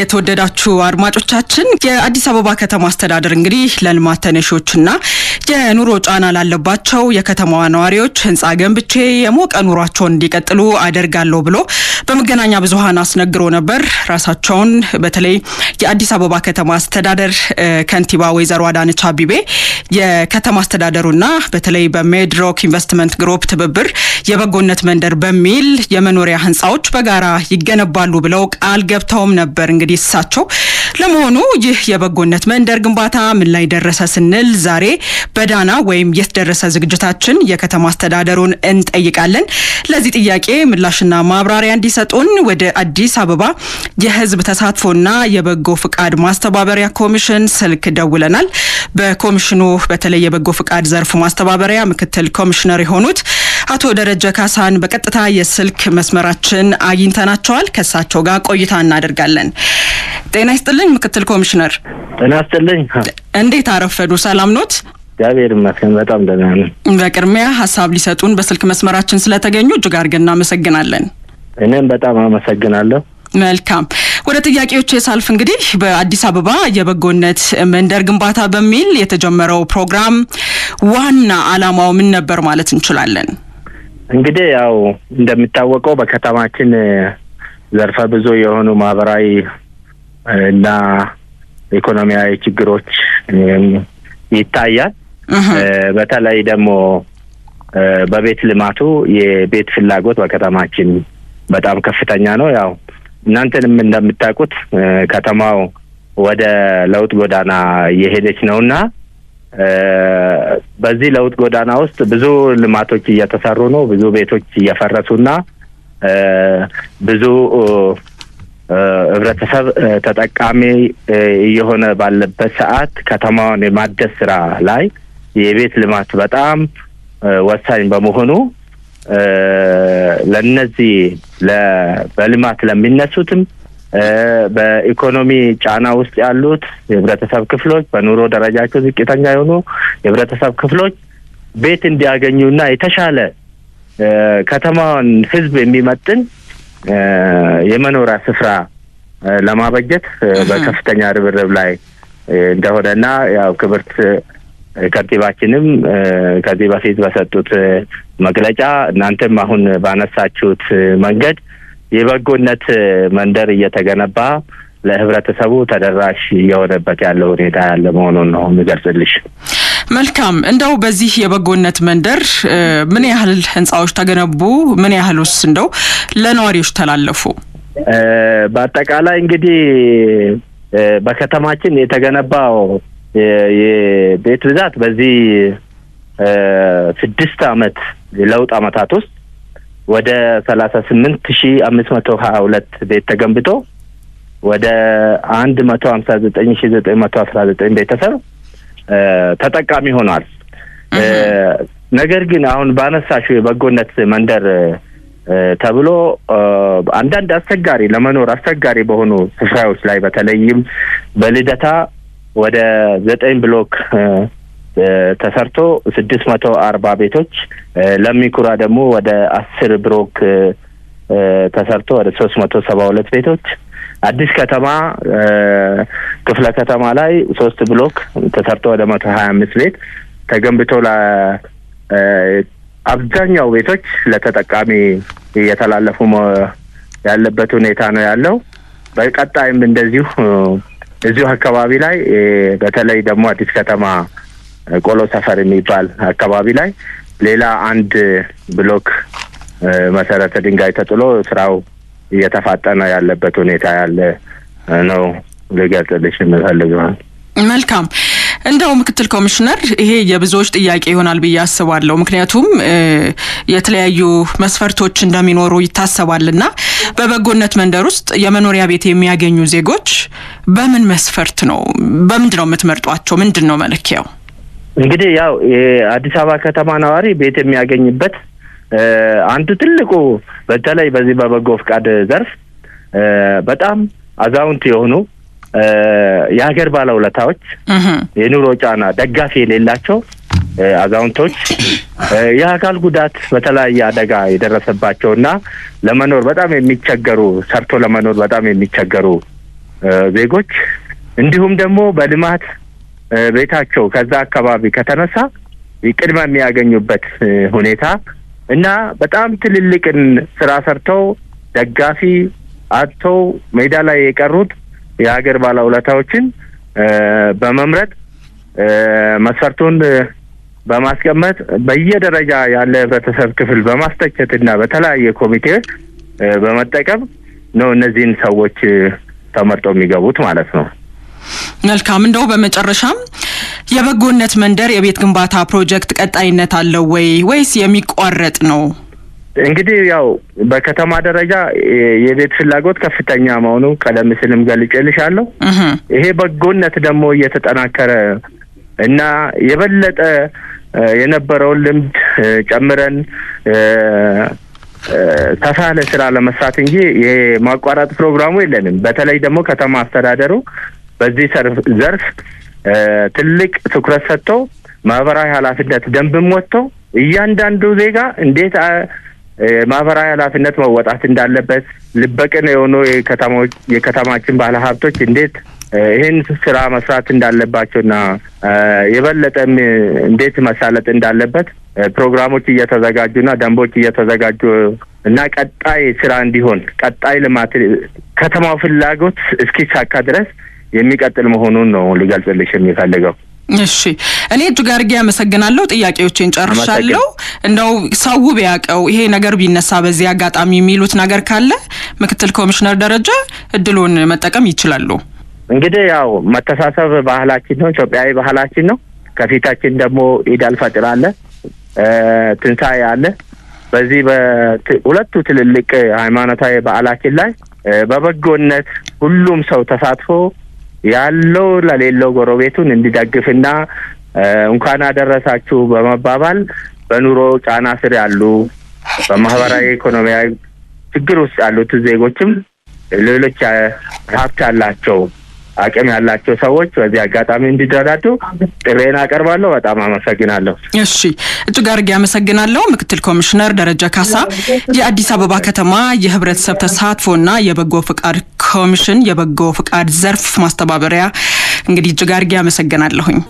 የተወደዳችሁ አድማጮቻችን የአዲስ አበባ ከተማ አስተዳደር እንግዲህ ለልማት ተነሺዎችና የኑሮ ጫና ላለባቸው የከተማዋ ነዋሪዎች ህንጻ ገንብቼ የሞቀ ኑሯቸውን እንዲቀጥሉ አደርጋለሁ ብሎ በመገናኛ ብዙኃን አስነግሮ ነበር። ራሳቸውን በተለይ የአዲስ አበባ ከተማ አስተዳደር ከንቲባ ወይዘሮ አዳነች አቢቤ የከተማ አስተዳደሩና በተለይ በሜድሮክ ኢንቨስትመንት ግሩፕ ትብብር የበጎነት መንደር በሚል የመኖሪያ ህንፃዎች በጋራ ይገነባሉ ብለው ቃል ገብተውም ነበር። እንግዲህ እሳቸው ለመሆኑ ይህ የበጎነት መንደር ግንባታ ምን ላይ ደረሰ ስንል ዛሬ በዳና ወይም የት ደረሰ ዝግጅታችን የከተማ አስተዳደሩን እንጠይቃለን። ለዚህ ጥያቄ ምላሽና ማብራሪያ እንዲሰጡን ወደ አዲስ አበባ የህዝብ ተሳትፎና የበጎ ፍቃድ ማስተባበሪያ ኮሚሽን ስልክ ደውለናል። በኮሚሽኑ በተለይ የበጎ ፍቃድ ዘርፍ ማስተባበሪያ ምክትል ኮሚሽነር የሆኑት አቶ ደረጀ ካሳን በቀጥታ የስልክ መስመራችን አግኝተናቸዋል። ከእሳቸው ጋር ቆይታ እናደርጋለን። ጤና ይስጥልኝ ምክትል ኮሚሽነር። ጤና ይስጥልኝ። እንዴት አረፈዱ? ሰላም ኖት? እግዚአብሔር ይመስገን በጣም ደህና ነን። በቅድሚያ ሀሳብ ሊሰጡን በስልክ መስመራችን ስለተገኙ እጅግ አድርገን እናመሰግናለን። እኔም በጣም አመሰግናለሁ። መልካም ወደ ጥያቄዎች የሳልፍ እንግዲህ በአዲስ አበባ የበጎነት መንደር ግንባታ በሚል የተጀመረው ፕሮግራም ዋና አላማው ምን ነበር ማለት እንችላለን? እንግዲህ ያው እንደሚታወቀው በከተማችን ዘርፈ ብዙ የሆኑ ማህበራዊ እና ኢኮኖሚያዊ ችግሮች ይታያል። በተለይ ደግሞ በቤት ልማቱ የቤት ፍላጎት በከተማችን በጣም ከፍተኛ ነው። ያው እናንተንም እንደምታውቁት ከተማው ወደ ለውጥ ጎዳና እየሄደች ነው እና በዚህ ለውጥ ጎዳና ውስጥ ብዙ ልማቶች እየተሰሩ ነው። ብዙ ቤቶች እየፈረሱና ብዙ ህብረተሰብ ተጠቃሚ እየሆነ ባለበት ሰዓት ከተማዋን የማደስ ስራ ላይ የቤት ልማት በጣም ወሳኝ በመሆኑ ለነዚህ በልማት ለሚነሱትም በኢኮኖሚ ጫና ውስጥ ያሉት የህብረተሰብ ክፍሎች በኑሮ ደረጃቸው ዝቅተኛ የሆኑ የህብረተሰብ ክፍሎች ቤት እንዲያገኙና የተሻለ ከተማውን ህዝብ የሚመጥን የመኖሪያ ስፍራ ለማበጀት በከፍተኛ ርብርብ ላይ እንደሆነና ያው ክብርት ከንቲባችንም ከዚህ በፊት በሰጡት መግለጫ እናንተም አሁን ባነሳችሁት መንገድ የበጎነት መንደር እየተገነባ ለህብረተሰቡ ተደራሽ እየሆነበት ያለው ሁኔታ ያለ መሆኑን ነው የሚገልጽልሽ። መልካም። እንደው በዚህ የበጎነት መንደር ምን ያህል ህንፃዎች ተገነቡ? ምን ያህል ውስ እንደው ለነዋሪዎች ተላለፉ? በአጠቃላይ እንግዲህ በከተማችን የተገነባው የቤት ብዛት በዚህ ስድስት አመት ለውጥ አመታት ውስጥ ወደ ሰላሳ ስምንት ሺ አምስት መቶ ሀያ ሁለት ቤት ተገንብቶ ወደ አንድ መቶ ሀምሳ ዘጠኝ ሺ ዘጠኝ መቶ አስራ ዘጠኝ ቤተሰብ ተጠቃሚ ሆኗል። ነገር ግን አሁን ባነሳሽው የበጎነት መንደር ተብሎ አንዳንድ አስቸጋሪ ለመኖር አስቸጋሪ በሆኑ ስፍራዎች ላይ በተለይም በልደታ ወደ ዘጠኝ ብሎክ ተሰርቶ ስድስት መቶ አርባ ቤቶች ለሚኩራ ደግሞ ወደ አስር ብሎክ ተሰርቶ ወደ ሶስት መቶ ሰባ ሁለት ቤቶች አዲስ ከተማ ክፍለ ከተማ ላይ ሶስት ብሎክ ተሰርቶ ወደ መቶ ሀያ አምስት ቤት ተገንብቶ አብዛኛው ቤቶች ለተጠቃሚ እየተላለፉ ያለበት ሁኔታ ነው ያለው። በቀጣይም እንደዚሁ እዚሁ አካባቢ ላይ በተለይ ደግሞ አዲስ ከተማ ቆሎ ሰፈር የሚባል አካባቢ ላይ ሌላ አንድ ብሎክ መሰረተ ድንጋይ ተጥሎ ስራው እየተፋጠነ ያለበት ሁኔታ ያለ ነው ልገልጽልሽ የምፈልገው። መልካም እንደው ምክትል ኮሚሽነር ይሄ የብዙዎች ጥያቄ ይሆናል ብዬ አስባለሁ። ምክንያቱም የተለያዩ መስፈርቶች እንደሚኖሩ ይታሰባልና በበጎነት መንደር ውስጥ የመኖሪያ ቤት የሚያገኙ ዜጎች በምን መስፈርት ነው በምንድን ነው የምትመርጧቸው? ምንድን ነው መለኪያው? እንግዲህ ያው የአዲስ አበባ ከተማ ነዋሪ ቤት የሚያገኝበት አንዱ ትልቁ በተለይ በዚህ በበጎ ፍቃድ ዘርፍ በጣም አዛውንት የሆኑ የሀገር ባለውለታዎች የኑሮ ጫና ደጋፊ የሌላቸው አዛውንቶች የአካል ጉዳት በተለያየ አደጋ የደረሰባቸው እና ለመኖር በጣም የሚቸገሩ ሰርቶ ለመኖር በጣም የሚቸገሩ ዜጎች እንዲሁም ደግሞ በልማት ቤታቸው ከዛ አካባቢ ከተነሳ ቅድመ የሚያገኙበት ሁኔታ እና በጣም ትልልቅን ስራ ሰርተው ደጋፊ አጥተው ሜዳ ላይ የቀሩት የሀገር ባለውለታዎችን በመምረጥ መስፈርቱን በማስቀመጥ በየደረጃ ያለ ህብረተሰብ ክፍል በማስተቸት እና በተለያየ ኮሚቴ በመጠቀም ነው እነዚህን ሰዎች ተመርጠው የሚገቡት ማለት ነው። መልካም እንደው በመጨረሻም የበጎነት መንደር የቤት ግንባታ ፕሮጀክት ቀጣይነት አለው ወይ ወይስ የሚቋረጥ ነው? እንግዲህ ያው በከተማ ደረጃ የቤት ፍላጎት ከፍተኛ መሆኑ ቀደም ሲልም ገልጬልሻለሁ። ይሄ በጎነት ደግሞ እየተጠናከረ እና የበለጠ የነበረውን ልምድ ጨምረን ተሳለ ስራ ለመስራት እንጂ የማቋረጥ ፕሮግራሙ የለንም። በተለይ ደግሞ ከተማ አስተዳደሩ በዚህ ዘርፍ ትልቅ ትኩረት ሰጥተው ማህበራዊ ኃላፊነት ደንብም ወጥተው እያንዳንዱ ዜጋ እንዴት ማህበራዊ ኃላፊነት መወጣት እንዳለበት ልበቅን የሆኑ የከተማዎች የከተማችን ባለ ሀብቶች እንዴት ይህን ስራ መስራት እንዳለባቸውና የበለጠም እንዴት መሳለጥ እንዳለበት ፕሮግራሞች እየተዘጋጁና ደንቦች እየተዘጋጁ እና ቀጣይ ስራ እንዲሆን ቀጣይ ልማት ከተማው ፍላጎት እስኪሳካ ድረስ የሚቀጥል መሆኑን ነው ልገልጽልሽ የሚፈልገው። እሺ እኔ እጅግ አድርጌ አመሰግናለሁ። ጥያቄዎቼን ጨርሻለሁ። እንደው ሰው ቢያውቀው ይሄ ነገር ቢነሳ በዚህ አጋጣሚ የሚሉት ነገር ካለ ምክትል ኮሚሽነር ደረጃ እድሉን መጠቀም ይችላሉ። እንግዲህ ያው መተሳሰብ ባህላችን ነው፣ ኢትዮጵያዊ ባህላችን ነው። ከፊታችን ደግሞ ኢድ አልፈጥር አለ፣ ትንሣኤ አለ። በዚህ በሁለቱ ትልልቅ ሃይማኖታዊ በዓላችን ላይ በበጎነት ሁሉም ሰው ተሳትፎ ያለው ለሌለው ጎረቤቱን እንዲደግፍና እንኳን አደረሳችሁ በመባባል በኑሮ ጫና ስር ያሉ በማህበራዊ ኢኮኖሚያዊ ችግር ውስጥ ያሉት ዜጎችም ሌሎች ሀብት አላቸው። አቅም ያላቸው ሰዎች በዚህ አጋጣሚ እንዲደራዱ ጥሬን አቀርባለሁ። በጣም አመሰግናለሁ። እሺ፣ እጅግ አድርጌ አመሰግናለሁ። ምክትል ኮሚሽነር ደረጃ ካሳ የአዲስ አበባ ከተማ የህብረተሰብ ተሳትፎና የበጎ ፍቃድ ኮሚሽን የበጎ ፍቃድ ዘርፍ ማስተባበሪያ እንግዲህ እጅግ አድርጌ አመሰግናለሁኝ።